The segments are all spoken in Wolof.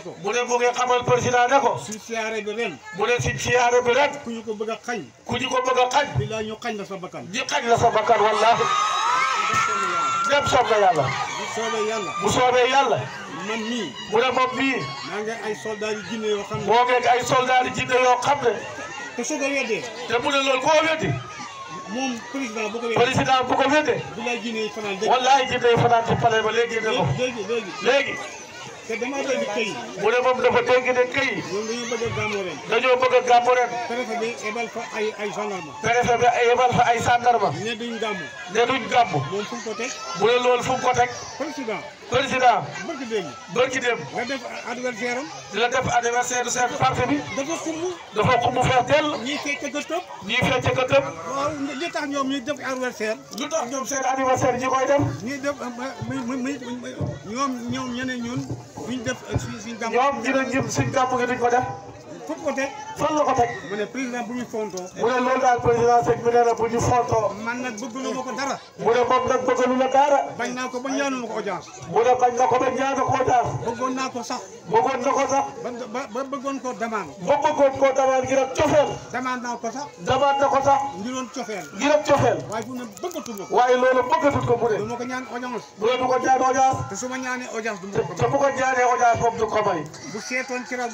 na ko mu ne mu ngi xamal président na ko suñ siyaare bi ren mu ne suñ siyaare bi ren ku ñu ko bëgg a xañ ku ñu ko bëgg a xañ bi laa ñu xañ la sa bakkan ñu xañ la sa bakkan wallaahi lépp soob na yàlla bu soobee yàlla bu soobee yàlla man mii mu ne moom mii maa ngi ay soldat yu jinne yoo xam ne moo ngi ay soldat yu jinne yoo xam ne te su ko weddee te mu ne loolu koo weddi moom président bu ko wallahi jinne fanaan ci palais ba léegi léegi léegi te damaa dégg këy. mu ne moom dafa a gàmmu ren. dañoo bëgg ko teg. mu ne loolu fu mu ko teg. président. président. barki def anniversaire bi. dafa xumb. dafa xumb fees dell. ñii fecc ka tëb. ñii fecc ka tëb. waaw li tax ñoom ñuy def anniversaire. lu tax ñoom seen anniversaire ñi koy def. ñu def ñoom ñun. suñ def suñ suñ gàmm. ñoom ñu ne ñun suñ gàmm gi duñ ko def. fu ko teg fan la ko teg mu ne président bu ñu fontoo mu ne loolu daal président Seck mi nee na bu ñu fontoo man nag bëggalu ma ko dara mu ne moom nag bëggalu ma dara bañ naa ko ba ñaanu ma ko audience mu ne bañ na ko ba ñaanu ko audience bëggoon naa ko sax bëggoon na ko sax ba bëggoon koo demande ba bëggoon koo demande ngir ak cofeel demande naa ko sax demande na ko sax ngiroon cofeel ngir ak cofeel waaye fu ne bëggatuma ko waaye loolu bëggatut ko mu ne du ma ko ñaan audience mu ne du ko ñaan audience te su ma ñaanee audience du ma ko te bu ko ñaanee audience moom du ko may bu seetoon ci rab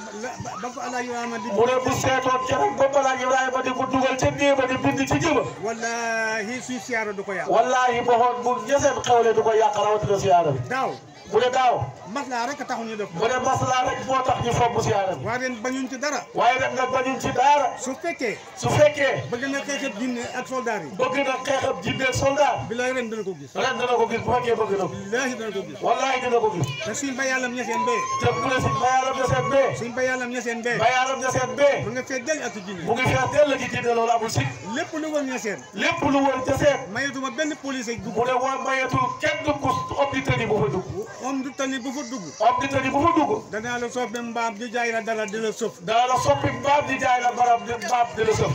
ba ko ala mu ne bu seetoon keroog goppalaak Ibrahima di ko dugal ca néeba di ko yàq. wallaahi boo bu ne daaw. maslaa rek taxu ñu def ko. bu dee maslaa rek moo tax ñu foog mu siyaare bi. waaye ren bañuñ ci dara. waaye ren nag bañuñ su fekkee. su fekkee. bëgg na xeexab jinne ak soldat yi. bëgg na xeexab jinne ak soldat. bilaay ren dana ko gis. ren dana ko gis bu fekkee bëgg na ko. bilaay dana ko gis. wallaahi dana ko gis. te suñ ba yàllam bee. te bu ne suñ ba yàllam bee. suñ ba yàllam ñeseen bee. ba yàllam ñeseen bee. mu nga fee dell mu si. lépp lu wër ñeseen. lépp lu wër ñeseen. mayetuma benn om du tali bu fa dugg om du tali bu fa dugg danaa la soppi mbaam di jaay la dara di la sëf danaa la soppi mbaam di jaay la barab di mbaam di la sëf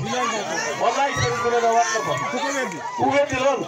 wallaay sëñ bi ne la wax na ko ku ko weddi ku weddi loolu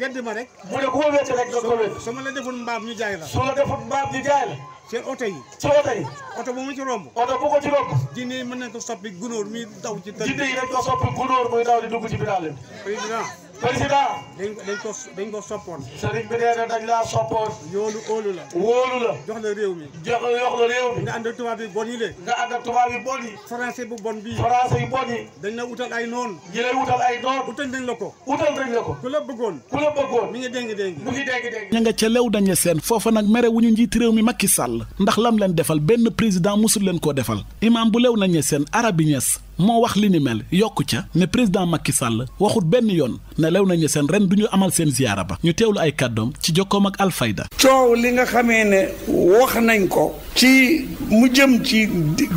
weddi ma rek mu ne ku ko weddi rek nga ko weddi su ma la defoon mbaam ñu jaay la su la defoon mbaam ñu jaay la seen oto yi seen oto yi oto bu ma ci romb oto bu ko ci romb jinne yi mën nañ ko soppi gunóor muy daw ci tali jinne yi dañ ko soppi gunóor muy daw di dugg ci biir àll président président. dañ ko dañ ko dañ ko soppoon. sëriñ bi nee na dañ laa soppoon. yoolu óolu la. wóolu la. jox la réew mi. jox la jox la réew mi. nga ànd ak tubaab bi bon yi de. nga ànd bi bon yi. bu bon bii. français yu bon yi. dañ la wutal ay noon. ñi lay ay noon. utal nañ la ko. nañ la ko. ku la bëggoon. ku la bëggoon. mi ngi dégg dégg. mu ngi dégg dégg. ña nga ca lew dañu seen foofa nag mere wu ñu njiit réew mi Macky Sall ndax lam leen defal benn président musul leen koo defal imam bu lew nañu seen arabi ñes moo wax li ni mel yokku ca ne président Macky Sall waxut benn yoon ne lew nañu seen ren du ñu amal seen ziyaara ba ñu teewlu ay kàddoom ci jokkoom ak Alfayda coow li nga xamee ne wax nañ ko ci mu jëm ci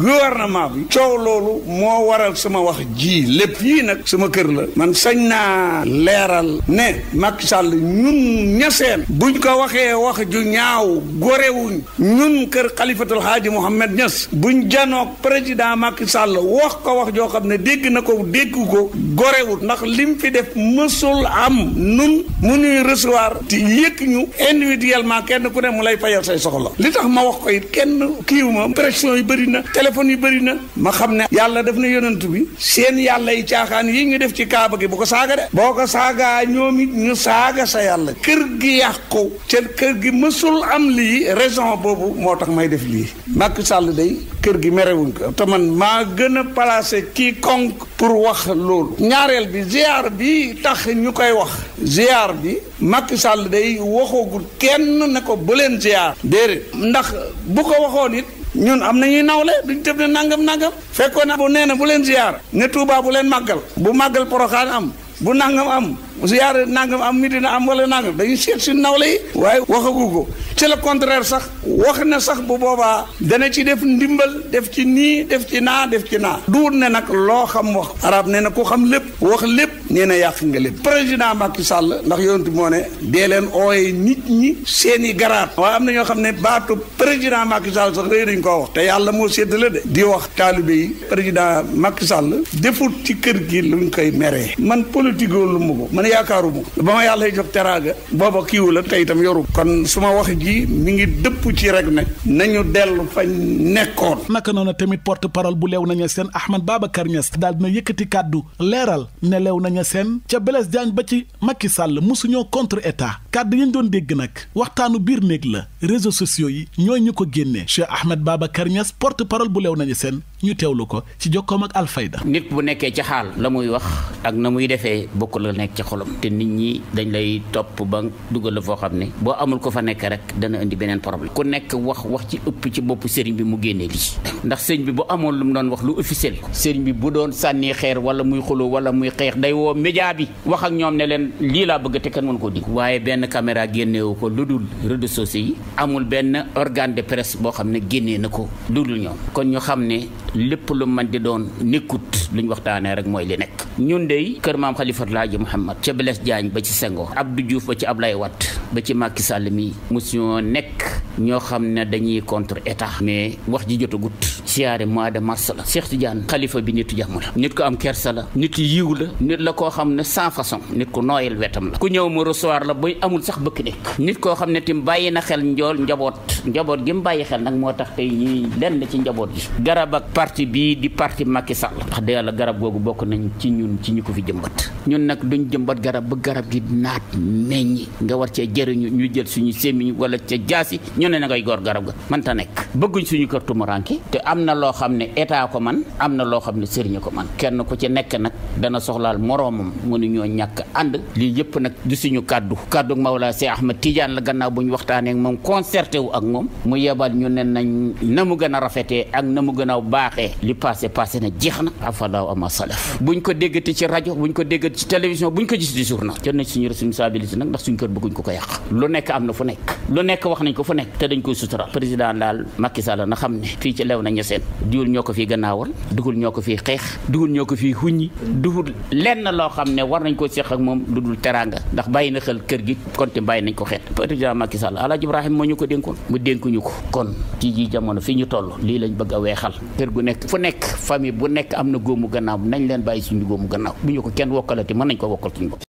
gouvernement bi coow loolu moo waral sama wax ji lépp yii nag sama kër la man sañ naa leeral ne Macky Sall ñun ñaseen buñ ko waxee wax ju ñaaw gorewuñ ñun kër xalifatul xaaji Mohammed ñas buñ janoog président Macky Sall wax ko wax joo xam ne dégg na ko dégg ko gorewut ndax mu fi def mësul am nun mu ñuy recevoir te yëkk ñu individuellement kenn ku ne mu lay fayal say soxla li tax ma wax ko it kenn kenn kiiwu ma pression yi bëri na téléphone yi bëri na ma xam ne yàlla daf na yonent bi seen yàlla yi caaxaan yi ñu def ci kaaba gi bu ko saaga de boo ko saagaa ñoom it ñu saaga sa yàlla kër gi yàqu ca kër gi mësul am lii raison boobu moo tax may def lii makk sàll day kër gi merewuñ ko te man maa gën a placé quiconque pour wax lool ñaareel bi ziar bi tax ñu koy wax ziar bi makk sàll day waxoogul kenn ne ko bu leen ziar déedéet ndax bu ko waxoon it ñun am nañuy nawle duñ tëb ne nangam nangam fekkoon na bu nee na bu leen ziyaar ne Touba bu leen màggal bu màggal poroxaan am bu nangam am ziyaar nangam am na am wala nangam dañuy seet suñ nawle yi waaye waxagu ko ci le contraire sax wax na sax bu boobaa dana ci def ndimbal def ci nii def ci naa def ci naa duur ne nag loo xam wax arab nee na ku xam lépp wax lépp nee na yàq nga lépp président Macky Sall ndax yonent moo ne dee leen ooye nit ñi seen i garaat waaye am na ñoo xam ne baatu président Macky Sall sax réy dañ koo wax te yàlla moo séddale de di wax taalibe yi président Macky Sall defut ci kër gi luñ koy meree man politique lu mu ko man yaakaaruma ma yàlla jox teraaga booba kiiwu la tey ji mi ngi dëpp ci rek ne nañu dellu fa nekkoon. naka noonu tamit porte parole bu leew nañu seen Ahmed Babacar Niass daal dina yëkkati kàddu leeral ne lew leew nañu seen ca Blaise Diagne ba ci Macky Sall mosuñoo contre état kàddu yi ñu doon dégg nag waxtaanu biir néeg la réseau sociaux yi ñooy ñu ko génnee Cheikh Ahmed Babacar Niass porte parole bu leew nañu seen. ñu lu ko ci jokkoom ak Alfayda. nit bu nekkee ci xaal la muy wax ak na muy defee bokk la nekk ci xolam te nit ñi dañ lay topp ba dugal la foo xam ne boo amul ko fa nekk rek dana indi beneen problème ku nekk wax wax ci ëpp ci bopp sëriñ bi mu génnee lii ndax sëriñ bi bu amoon lu mu doon wax lu officiel ko sëriñ bi bu doon sànni xeer wala muy xuloo wala muy xeex day woo média bi wax ak ñoom ne leen lii laa bëgg te kenn mënu koo dig waaye benn caméra génneewu ko lu dul réseaux sociaux yi amul benn organe de boo xam ne génnee na ko lu dul lépp lu man di doon nekkut lu ñu waxtaanee rek mooy li nekk ñun dey kër maam Khalifa Laaji Mouhamad ca Blaise Diagne ba ci Senghor Abdou Diouf ba ci Ablaye Wade ba ci Macky Sall mii mosuñoo nekk ñoo xam ne dañuy contre état mais wax ji jotagut siyaare mois de mars la Cheikh jaan xalifa bi nitu jàmm la nit ko am kersa la nit yiw la nit la koo xam ne sans façon nit ku wetam la ku ñëw mu recevoir la buy amul sax bëkk nekk nit koo xam ne tim bàyyi na xel njool njaboot njaboot gi mu bàyyi xel nag moo tax tey ñii lenn ci njaboot gi garab ak parti bii di parti Macky bokk nañ ci bokkoon ci ñu ko fi jëmbat ñun nag duñ jëmbat garab ba garab gi naat meññi nga war cee jëriñu ñu jël suñu sémmiñ wala ca jaasi ñu ne nag ngay gor garab ga man nekk bëgguñ suñu kër tumuranke te am na loo xam ne état ko man am na loo xam ne sëriñ ko man kenn ku ci nekk nag dana soxlaal moroomam nu ñoo ñàkk ànd lii yëpp nag du suñu kàddu kàddu Mawla Cheikh Ahmed Tidiane la gannaaw bu ñu waxtaaneek moom concerté wu ak moom mu yebal ñu ne nañ na mu gën a rafetee ak na mu gën a baaxee li passé passé na jeex na afalaaw ama déggati ci rajo buñ ko déggati ci télévision buñ ko gis di journal jël nañ suñu responsabilité nag ndax suñ kër bëgguñ ko ko yàq lu nekk am na fu nekk lu nekk wax nañ ko fu nekk te dañ koy sutural président daal Macky Sall na xam ne fii ci lew na ñeseen diwul ñoo ko fii gannaawal dugul ñoo ko fii xeex dugul ñoo ko fii huññi dugul lenn loo xam ne war nañ ko seq ak moom lu dul teranga ndax bàyyi na xel kër gi konte bàyyi nañ ko xeet président Macky Sall Alaaji moo ñu ko dénkoon mu dénkuñu ko kon ci ji jamono fi ñu toll lii lañ bëgg a weexal kër gu nekk fu nekk famille bu nekk am na góomu gannaaw nañ leen bàyyi suñu góomu gannaaw kenn wokkalati mën nañ ko wokkal suñu bopp